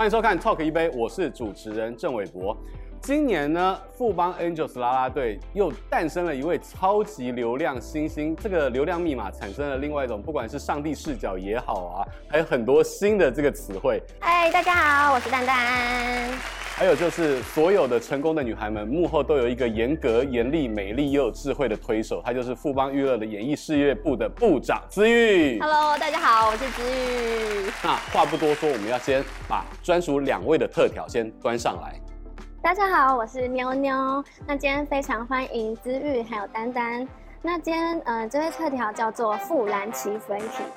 歡迎收看《Talk 一杯》，我是主持人鄭偉博。今年呢，富邦 Angels 啦啦隊又誕生了一位超級流量新星，這個流量密碼產生了另外一種，不管是上帝視角也好啊，還有很多新的這個詞彙。嗨，大家好，我是丹丹。還有就是，所有的成功的女孩們幕後都有一個嚴格、嚴厲、美麗又有智慧的推手，她就是富邦娛樂的演藝事業部的部長紫玉。Hello，大家好，我是紫玉。那、啊、話不多說，我們要先把專屬兩位的特調先端上來。大家好，我是妞妞。那今天非常歡迎紫玉還有丹丹。那今天，嗯、呃，這位特調叫做富蘭奇 Frankie」。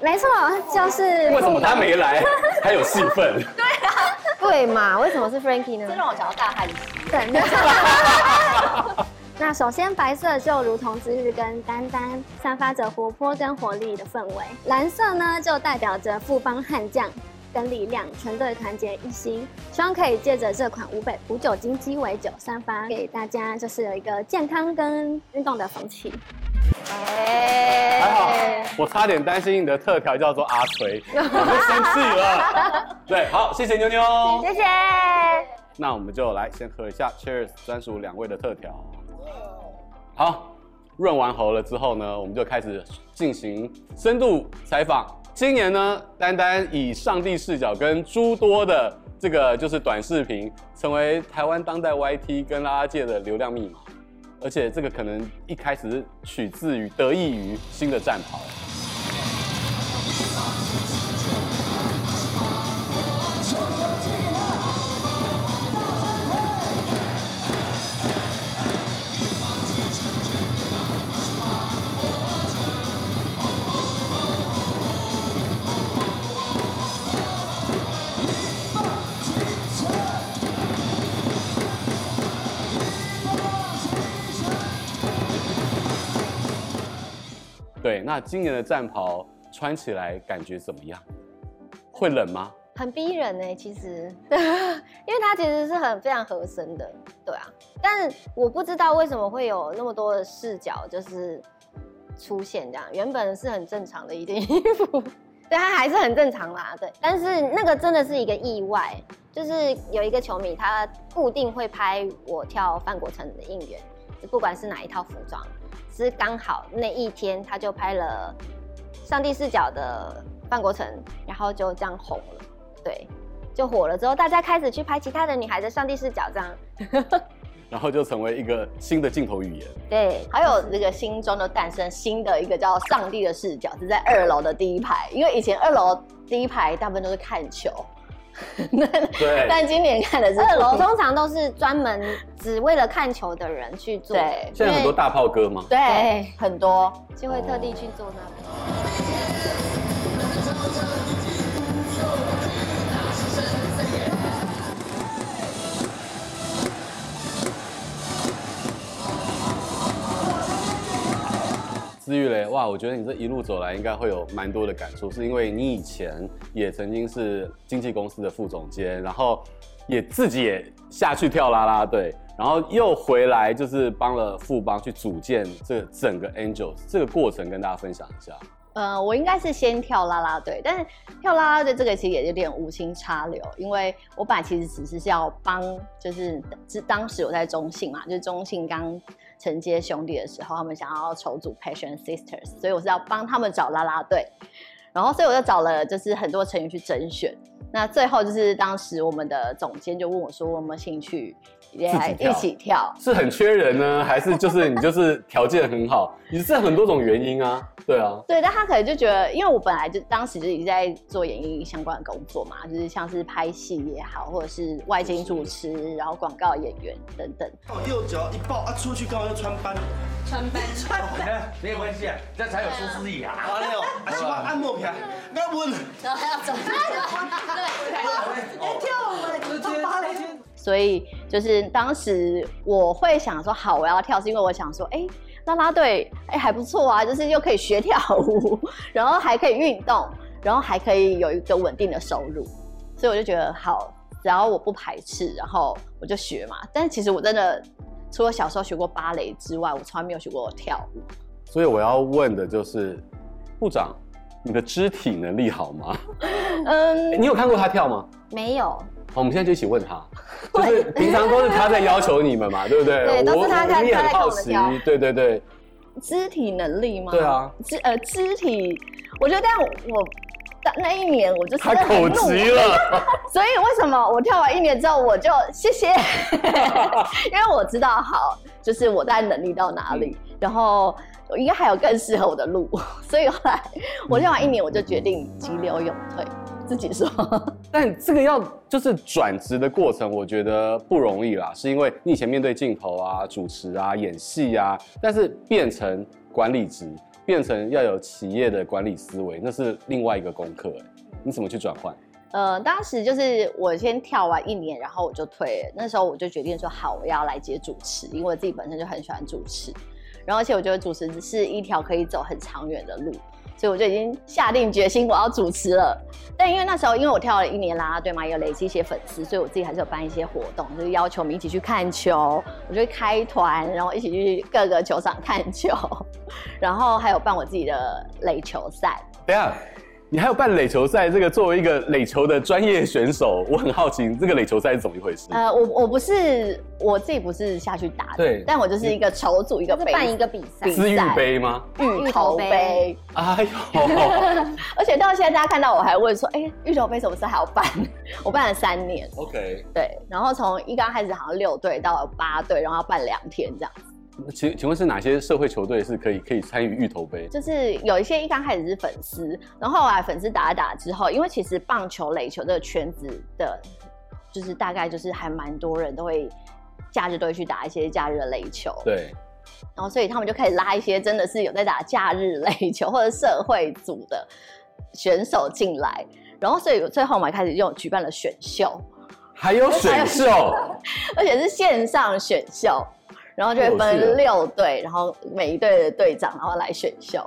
沒錯，哦、就是。為什麼他沒來？他有戲份。 對啊。 對嘛？為什麼是 Frankie 呢？這讓我想到大漢。 那首先，白色就如同之日跟丹丹，散發着活潑跟活力的氛圍。藍色呢，就代表着富邦悍將。跟力量，全隊團結一心，希望可以借着這款五北無酒精雞尾酒，散發給大家，就是有一個健康跟運動的風氣。哎、欸，還好，對對對對，我差點擔心你的特調叫做阿錘， 我們生氣了。 對，好，謝謝妞妞，謝謝。那我們就來先喝一下 Cheers 專屬兩位的特調。好，潤完喉了之後呢，我們就開始進行深度採訪。今年呢，丹丹以上帝視角跟諸多的這個就是短視頻，成為台灣當代 YT 跟啦啦界的流量密碼，而且這個可能一開始取自於得益於新的戰袍。那今年的戰袍穿起來感覺怎麼樣？會冷嗎？很逼人哎、欸，其實， 因為它其實是很非常合身的，對啊。但是我不知道為什麼會有那麼多的視角，就是出現這樣，原本是很正常的一件衣服， 對，它還是很正常啦，對。但是那個真的是一個意外，就是有一個球迷他固定會拍我跳范國成的應援，不管是哪一套服裝。是剛好那一天，他就拍了上帝視角的范國成，然後就這樣紅了，對，就火了之後，大家開始去拍其他的女孩子上帝視角，這樣， 然後就成為一個新的鏡頭語言。對，還有這個新裝的誕生，新的一個叫上帝的視角是在二樓的第一排，因為以前二樓第一排大部分都是看球。那 對，但今年看的是二樓，通常都是專門只為了看球的人去做。對，現在很多大炮哥嗎？對，很多就會特地去做那。哦哇！我覺得你這一路走來應該會有蠻多的感觸，是因為你以前也曾經是經紀公司的副總監，然後也自己也下去跳啦啦隊，然後又回來就是幫了富邦去組建這個整個 Angels 這個過程，跟大家分享一下。嗯、呃，我應該是先跳啦啦隊，但是跳啦啦隊這個其實也有點無心插柳，因為我本來其實只是要幫，就是當時我在中信嘛，就是中信剛。承接兄弟的時候，他們想要籌組 Passion Sisters，所以我是要幫他們找啦啦隊，然後所以我就找了，就是很多成員去甄選。那最後就是當時我們的總監就問我說：“我有沒有興趣？”一起跳，跳是很缺人呢， 還是就是你就是條件很好？你，就是很多種原因啊，對啊。對，但他可能就覺得，因為我本來就當時就已經在做演藝相關的工作嘛，就是像是拍戲也好，或者是外景主持，然後廣告演員等等。我右腳一抱啊，出去剛好就穿，穿幫。穿幫穿，哦，沒有關係，啊，這才有出息啊。完了哦，啊。 那我然後要走，哦、 所以就是當時我會想說，好，我要跳， 是因為我想說，哎、欸，啦啦隊，哎、欸，還不錯啊，就是又可以學跳舞，然後還可以運動，然後還可以有一個穩定的收入，所以我就覺得好，然後我不排斥，然後我就學嘛。但是其實我真的，除了小時候學過芭蕾之外，我從來沒有學過跳舞。所以我要問的就是部長。你的肢體能力好嗎？嗯、欸，你有看過他跳嗎？沒有。好，我們現在就一起問他， 就是平常都是他在要求你們嘛， 對不對？對，都是他在要求。我們跳。對對對，肢體能力嗎？對啊，肢呃肢體，我覺得但我那那一年我就太口急了， 所以為什麼我跳完一年之後我就謝謝， 因為我知道好，就是我帶能力到哪裡，嗯、然後。應該還有更適合我的路，所以後來我跳完一年，我就決定急流勇退，自己說。但這個要就是轉職的過程，我覺得不容易啦，是因為你以前面對鏡頭啊、主持啊、演戲啊，但是變成管理職，變成要有企業的管理思維，那是另外一個功課欸。你怎麼去轉換？呃，當時就是我先跳完一年，然後我就退了，那時候我就決定說，好，我要來接主持，因為我自己本身就很喜歡主持。然後，而且我覺得主持只是一條可以走很長遠的路，所以我就已經下定決心我要主持了。但因為那時候，因為我跳了一年啦啦隊嘛，也有累積一些粉絲，所以我自己還是有辦一些活動，就是要求我們一起去看球，我就會開團，然後一起去各個球場看球，然後還有辦我自己的壘球賽。對啊。你還有辦壘球賽？這個作為一個壘球的專業選手，我很好奇這個壘球賽是怎麼一回事？呃，我我不是，我自己不是下去打的對，但我就是一個籌組你一個杯辦一個比賽，思域杯嗎？芋頭杯？哎呦，好好 而且到現在大家看到我還問說，哎、欸，芋頭杯什麼時候還要辦？ 我辦了三年，OK，對，然後從一剛開始好像六隊到八隊，然後要辦兩天這樣子。請請問是哪些社會球隊是可以可以參與芋頭杯？就是有一些一剛開始是粉絲，然後啊粉絲打打之後，因為其實棒球壘球的圈子的，就是大概就是還蠻多人都會假日隊去打一些假日的壘球，對。然後所以他們就開始拉一些真的是有在打假日壘球或者社會組的選手進來，然後所以最後我們開始又舉辦了選秀，還有選秀，而且，而且是線上選秀。然後就會分六隊，然後每一隊的隊長然後來選秀。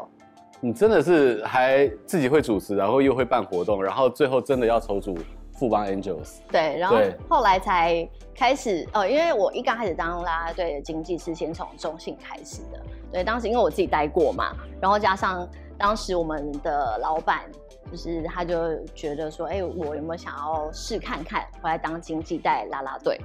你真的是還自己會主持，然後又會辦活動，然後最後真的要籌組富邦 Angels。對，然後後來才開始哦，因為我一剛開始當啦啦隊的經紀是先從中信開始的。對，當時因為我自己待過嘛，然後加上當時我們的老闆就是他就覺得說，哎，我有沒有想要試看看回來當經紀帶啦啦隊？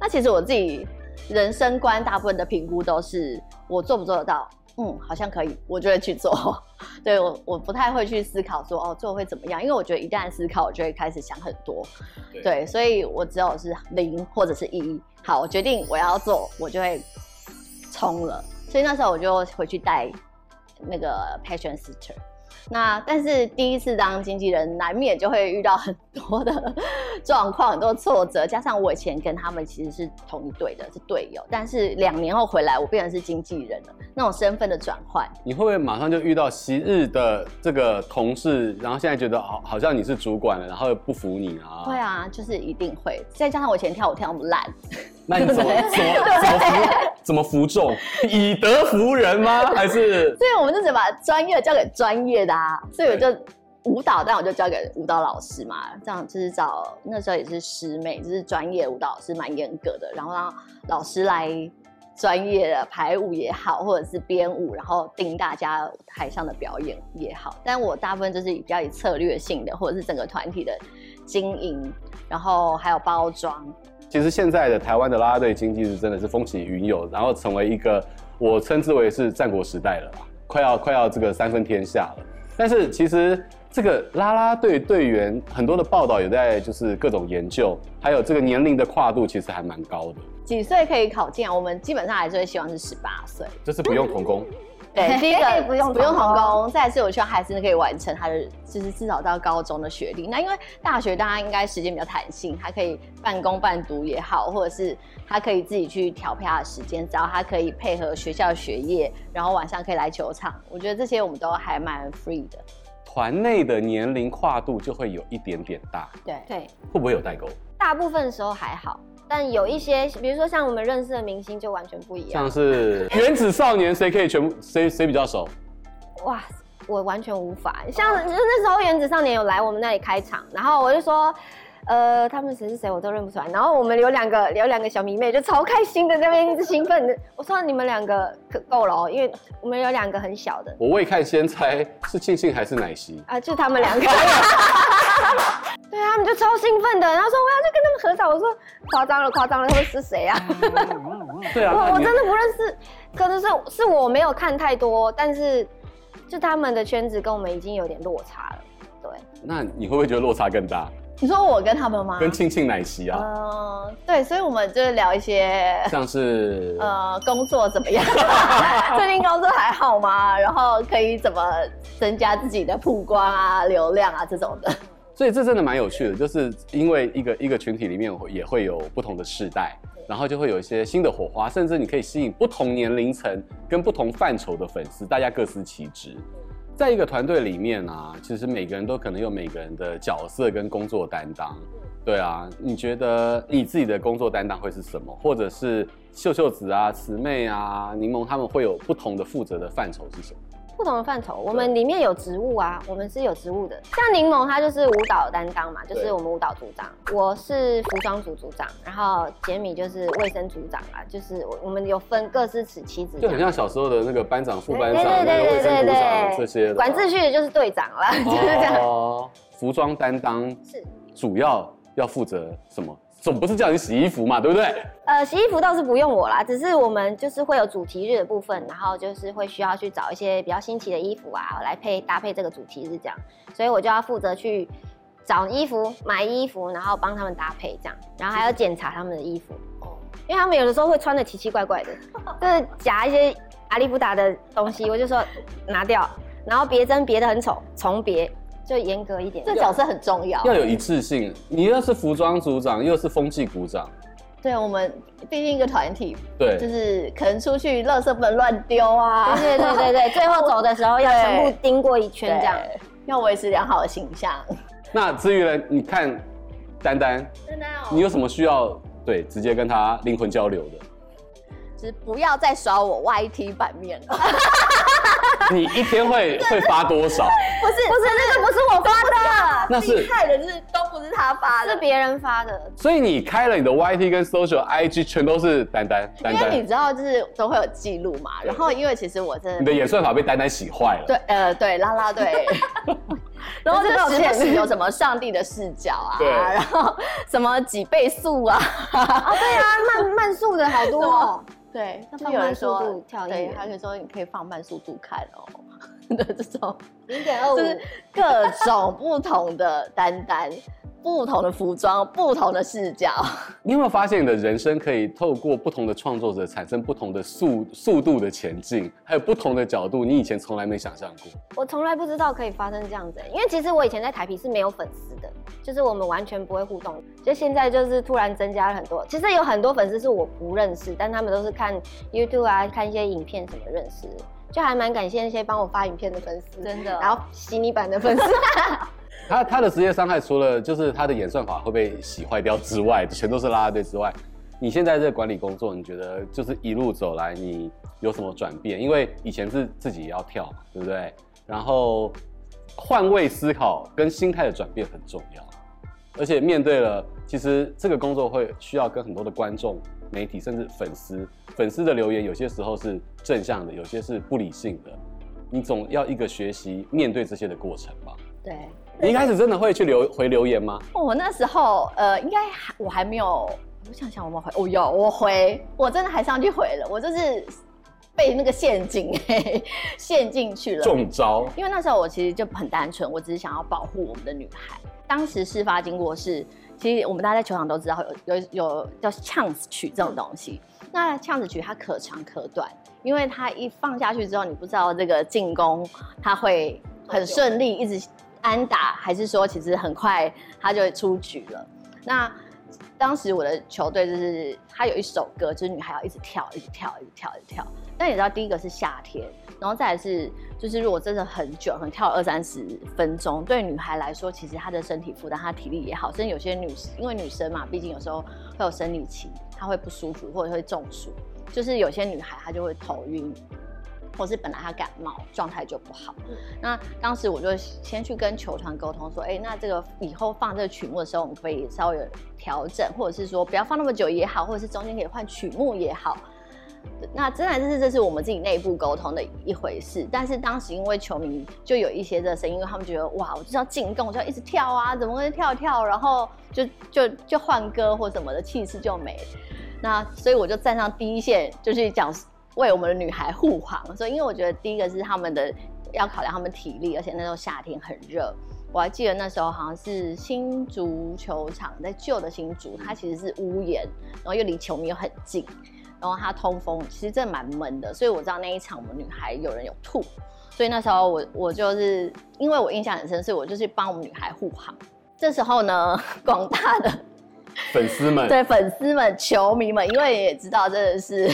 那其實我自己。人生觀大部分的評估都是我做不做得到？嗯，好像可以，我就會去做。 對我，我不太會去思考說哦，做會怎麼樣，因為我覺得一旦思考，我就會開始想很多。對，對，所以我只有是零或者是一。好，我決定我要做，我就會衝了。所以那時候我就回去帶那個 Passion Sisters。那但是第一次當經紀人，難免就會遇到很多的狀況，很多挫折。加上我以前跟他們其實是同一隊的，是隊友。但是兩年後回來，我變成是經紀人了，那種身份的轉換，你會不會馬上就遇到昔日的這個同事？然後現在覺得好像你是主管了，然後又不服你啊？對啊，就是一定會。再加上我以前跳舞跳那麼爛。那你怎麼怎麼怎麼服怎麼服眾？以德服人嗎？還是？所以我們就是把專業交給專業的啊。所以我就舞蹈，但我就交給舞蹈老師嘛。這樣就是找那時候也是師妹，就是專業舞蹈老師蠻嚴格的。然後讓老師來專業的排舞也好，或者是編舞，然後盯大家台上的表演也好。但我大部分就是比較以策略性的，或者是整個團體的經營，然後還有包裝。其實現在的台灣的啦啦隊經濟是真的是風起雲湧，然後成為一個我稱之為是戰國時代了，快要快要這個三分天下了。但是其實這個啦啦隊隊員很多的報道有在就是各種研究，還有這個年齡的跨度其實還蠻高的。幾歲可以考進啊？我們基本上還是會希望是十八歲，就是不用童工。對，第、欸、可以不用不用童工，嗯、再是我希望孩子可以完成他的，就是至少到高中的學歷。那因為大學大家應該時間比較彈性，還可以半工半讀也好，或者是他可以自己去調配他的時間，只要他可以配合學校的學業，然後晚上可以來球場，我覺得這些我們都還蠻 free 的。團內的年齡跨度就會有一點點大，對對，會不會有代溝？大部分的時候還好。但有一些，比如說像我們認識的明星，就完全不一樣。像是原子少年，誰可以全部？誰誰比較熟？哇，我完全無法。像是那時候原子少年有來我們那裡開場，然後我就說。呃，他們誰是誰我都認不出來。然後我們有兩個有兩個小迷妹，就超開心的在那邊一直興奮的。我說，你們兩個可夠了哦，因為我們有兩個很小的。我未看先猜是慶慶還是奶昔啊？就他們兩個。 對啊，他們就超興奮的，然後說，我要去跟他們合照。我說，誇張了誇張了了，他們是誰啊，啊，啊，啊，啊？對啊，我 我真的不認識，可能是是我沒有看太多，但是就他們的圈子跟我們已經有點落差了。對，那你會不會覺得落差更大？你說我跟他們嗎？跟慶慶奶昔啊。嗯、呃，對，所以我們就聊一些，像是呃，工作怎麼樣？ 最近工作還好嗎？然後可以怎麼增加自己的曝光啊、流量啊這種的。所以這真的蠻有趣的，就是因為一個一個群體裡面也會有不同的世代，然後就會有一些新的火花，甚至你可以吸引不同年齡層跟不同範疇的粉絲，大家各司其職。在一個團隊裡面啊，其實每個人都可能有每個人的角色跟工作擔當，對啊。你覺得你自己的工作擔當會是什麼？或者是秀秀子啊、慈妹啊、檸檬他們會有不同的負責的範疇是什麼？不同的範疇，我們裡面有植物啊，我們是有植物的。像檸檬，他就是舞蹈擔當嘛，就是我們舞蹈組長。我是服裝組組長，然後杰米就是衛生組長啊，就是我我們有分各司其職。就很像小時候的那個班長、副班長、對對對對，對，對，這些對對對對。管秩序的就是隊長了，對對對就是這樣。哦， 服裝擔當是主要要負責什麼？總不是叫你洗衣服嘛，對不對？呃，洗衣服倒是不用我啦，只是我們就是會有主題日的部分，然後就是會需要去找一些比較新奇的衣服啊來配搭配這個主題日這樣，所以我就要負責去找衣服、買衣服，然後幫他們搭配這樣，然後還要檢查他們的衣服，嗯，因為他們有的時候會穿的奇奇怪怪的，就是夾一些阿里不達的東西，我就說拿掉，然後別針別得很醜，重別。就嚴格一點，這角色很重要，要,要有一致性。嗯、你又是服裝組長，又是風紀股長，對我們畢竟一個團體，對，就是可能出去，垃圾不能亂丟啊。對對對對 最後走的時候要全部盯過一圈，這樣要維持良好的形象。那至於呢？你看丹丹，丹丹， 你有什麼需要？對，直接跟他靈魂交流的，就是不要再耍我 YT 版面了。 你一天會會發多少？不是不是，是，那個不是我發的，那是害的是都不是他發的，是別人發的。所以你開了你的 YT 跟 Social IG 全都是丹丹。因為你知道，就是都會有記錄嘛。然後因為其實我真的，你的演算法被丹丹洗壞了。對，呃，對，啦啦隊。對 然後就時不時有什麼上帝的視角啊，對，然後什麼幾倍速啊， 啊對啊，慢慢速的好多喔。對，他有人說跳英他可以說你可以放慢速度看哦，對，這種零點二五，就是各種不同的單單。 不同的服裝，不同的視角。你有沒有發現，你的人生可以透過不同的創作者，產生不同的速速度的前進，還有不同的角度，你以前從來沒想象過。我從來不知道可以發生這樣子、欸，因為其實我以前在台北是沒有粉絲的，就是我們完全不會互動。就現在就是突然增加了很多，其實有很多粉絲是我不認識，但他們都是看 YouTube 啊，看一些影片什麼認識，就還蠻感謝那些幫我發影片的粉絲，真的。然後悉尼版的粉絲。 他他的職業傷害除了就是他的演算法會被洗壞掉之外，全都是啦啦隊之外。你現在這個管理工作，你覺得就是一路走來，你有什麼轉變？因為以前是自己也要跳嘛，對不對？然後換位思考跟心態的轉變很重要，而且面對了，其實這個工作會需要跟很多的觀眾、媒體甚至粉絲，粉絲的留言有些時候是正向的，有些是不理性的，你總要一個學習面對這些的過程吧？對。你一開始真的會去留回留言嗎？我那時候呃，應該還我還沒有，我想想我有有，我們回哦，有我回，我真的還上去回了，我就是被那個陷阱 陷進去了。中招。因為那時候我其實就很單純，我只是想要保護我們的女孩。當時事發經過是，其實我們大家在球場都知道有有有叫 chance 曲這種東西。嗯、那 chance 曲它可長可短，因為它一放下去之後，你不知道這個進攻它會很順利一直。安打還是說，其實很快他就會出局了。那當時我的球隊就是，他有一首歌，就是女孩要一直跳，一直跳，一直跳，一直跳。但你知道，第一個是夏天，然後再來是就是，如果真的很久，可能跳二三十分鐘，對女孩來說，其實她的身體負擔、她體力也好，甚至有些女因為女生嘛，畢竟有時候會有生理期，她會不舒服或者會中暑，就是有些女孩她就會頭暈。或是本來他感冒，狀態就不好。那當時我就先去跟球團溝通說，哎、欸，那這個以後放這個曲目的時候，我們可以稍微有調整，或者是說不要放那麼久也好，或者是中間可以換曲目也好。那真的這是這是我們自己內部溝通的一回事。但是當時因為球迷就有一些熱身，因為他們覺得哇，我就是要進攻，我就要一直跳啊，怎麼會跳跳，然後就就就換歌或什麼的，氣勢就沒了。那所以我就站上第一線，就是講。為我們的女孩護航，所以因為我覺得第一個是他們的要考量他們體力，而且那時候夏天很熱。我還記得那時候好像是新竹球場，在舊的新竹，它其實是屋檐，然後又離球迷又很近，然後它通風，其實真的蠻悶的。所以我知道那一場我們女孩有人有吐，所以那時候我我就是因為我印象很深，是我就是幫我們女孩護航。這時候呢，廣大的粉絲們，對粉絲們、球迷們，因為也知道真的是。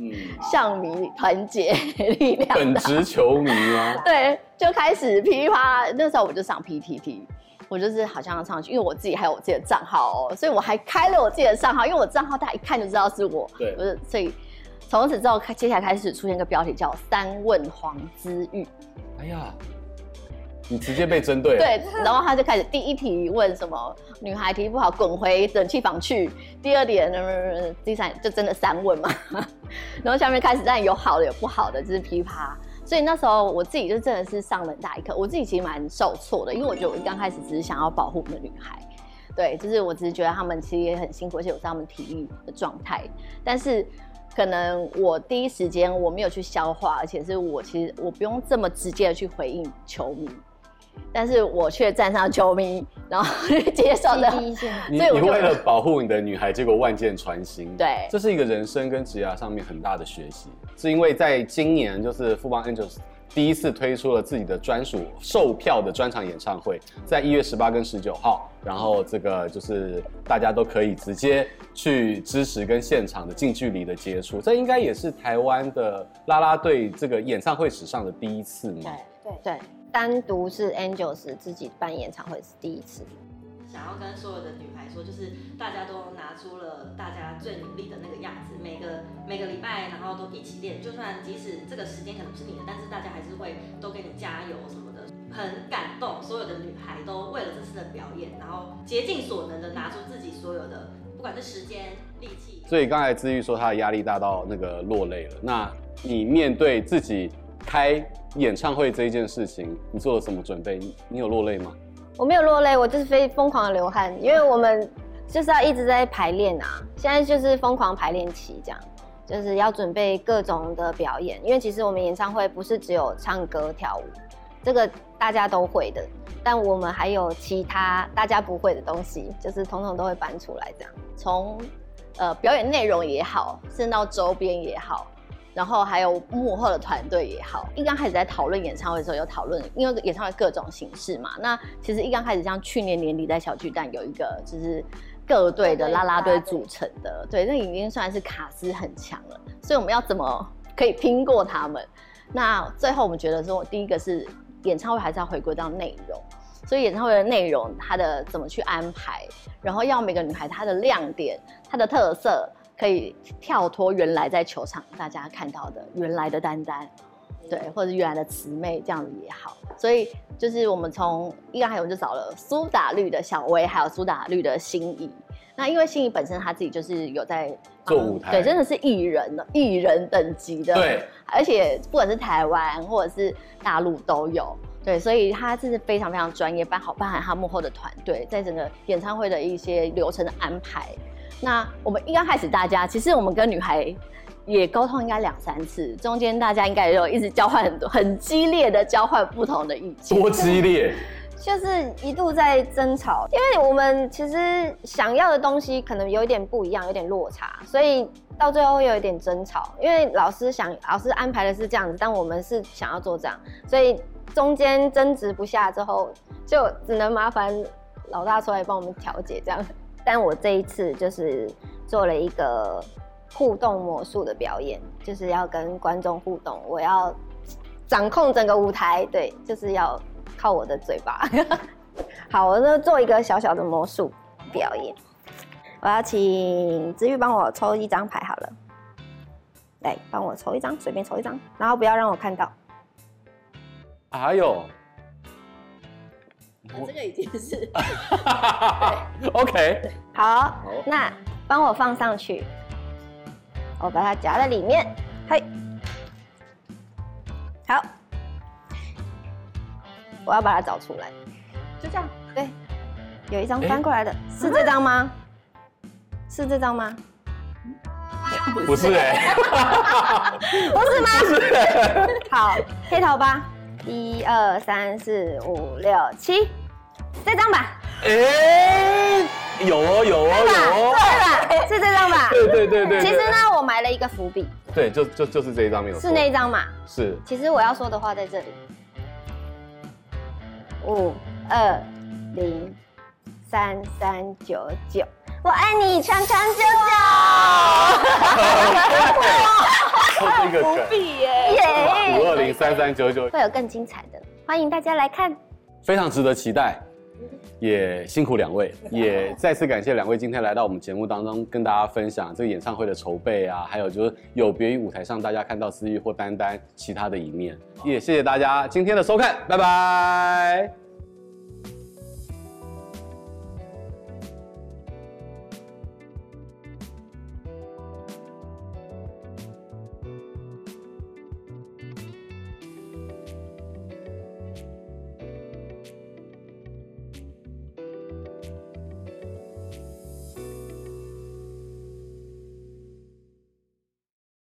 嗯，象迷團結、啊、力量，本質球迷嗎、啊？ 對，就開始噼啪。那時候我就上 PTT，我就是好像上去，因為我自己還有我自己的賬號哦，所以我還開了我自己的賬號，因為我賬號大家一看就知道是我，對，所以從此之後，接下來開始出現一個標題叫“三問黃之玉”。哎呀。你直接被針對了，對，然後他就開始第一題問什麼女孩體育不好，滾回冷氣房去。第二點，第、嗯、三、嗯嗯、就真的三問嘛。然後下面開始，但有好的有不好的，就是批啪。所以那時候我自己就真的是上了一大一課。我自己其實蠻受挫的，因為我覺得我一剛開始只是想要保護我們的女孩，對，就是我只是覺得他們其實也很辛苦，而且我知道他們體育的狀態。但是可能我第一時間我沒有去消化，而且是我其實我不用這麼直接的去回應球迷。但是我卻站上球迷，然後接受了。CD, 你你為了保護你的女孩，結果萬箭穿心。對，這是一個人生跟職業上面很大的學習。是因為在今年，就是富邦 Angels 第一次推出了自己的專屬售票的專場演唱會，在一月十八跟十九號，然後這個就是大家都可以直接去支持跟現場的近距離的接觸。這應該也是台灣的啦啦隊這個演唱會史上的第一次嘛？對對對。對單獨是 Angels 自己辦演唱會是第一次，想要跟所有的女孩說，就是大家都拿出了大家最努力的那個樣子，每個每個禮拜然後都一起練，就算即使這個時間可能不是你的，但是大家還是會都給你加油什麼的，很感動。所有的女孩都為了這次的表演，然後竭盡所能的拿出自己所有的，不管是時間、力氣。所以剛才治愈說她的壓力大到那個落淚了，那你面對自己？開演唱會這一件事情，你做了什麼準備？你有落淚嗎？我沒有落淚，我就是非瘋狂的流汗，因為我們就是要一直在排練啊，現在就是瘋狂排練期，這樣就是要準備各種的表演。因為其實我們演唱會不是只有唱歌跳舞，這個大家都會的，但我們還有其他大家不會的東西，就是統統都會搬出來這樣，從呃表演內容也好，甚至到周邊也好。然後還有幕後的團隊也好，一剛開始在討論演唱會的時候，有討論，因為演唱會各種形式嘛。那其實一剛開始像去年年底在小巨蛋有一個，就是各隊的啦啦隊組成的，對，那已經算是卡斯很強了。所以我們要怎麼可以拼過他們？那最後我們覺得說，第一個是演唱會還是要回歸到內容，所以演唱會的內容它的怎麼去安排，然後要每個女孩她的亮點、她的特色。可以跳脫原來在球場大家看到的原來的丹丹，對，嗯、或者是原來的慈妹這樣子也好。所以就是我們從一開始我們就找了蘇打綠的小威，還有蘇打綠的馨儀。那因為馨儀本身他自己就是有在做舞台，對，真的是藝人呢，藝人等級的。對，而且不管是台灣或者是大陸都有，對，所以他這是非常非常專業，包含包含他幕後的團隊，在整個演唱會的一些流程的安排。那我們一剛開始，大家其實我們跟女孩也溝通應該兩三次，中間大家應該也有一直交換很多很激烈的交換不同的意見。多激烈？就是，就是一度在爭吵，因為我們其實想要的東西可能有一點不一樣，有點落差，所以到最後又有一點爭吵。因為老師想，老師安排的是這樣子，但我們是想要做這樣，所以中間爭執不下之後，就只能麻煩老大出來幫我們調解這樣。但我這一次就是做了一個互動魔術的表演，就是要跟觀眾互動，我要掌控整個舞台，對，就是要靠我的嘴巴。 好，我呢，做一個小小的魔術表演，我要請子玉幫我抽一張牌，好了，來幫我抽一張，隨便抽一張，然後不要讓我看到。哎呦。啊、這個已經是 OK，好，oh. 那幫我放上去，我把它夾在裡面，嘿，好，我要把它找出來，就這樣，對，有一張翻過來的，是這張嗎？是這張嗎？不是哎，不是嗎？好， 黑桃八，一二三四五六七。這張吧，哎、欸，有哦有哦有，哦有哦，對吧？對是這張吧？ 對對對對。其實呢，我買了一個伏筆。對，就就就是這一張沒有。是那一張嘛？是。其實我要說的話在這裡。五二零三三九九，我愛你，長長久久。我愛你個看。伏筆耶。五二零三三九九，會有更精彩的，歡迎大家來看，非常值得期待。也辛苦兩位，也再次感謝兩位今天來到我們節目當中，跟大家分享這個演唱會的籌備啊，還有就是有別於舞台上大家看到思域或丹丹其他的一面，也謝謝大家今天的收看，拜拜。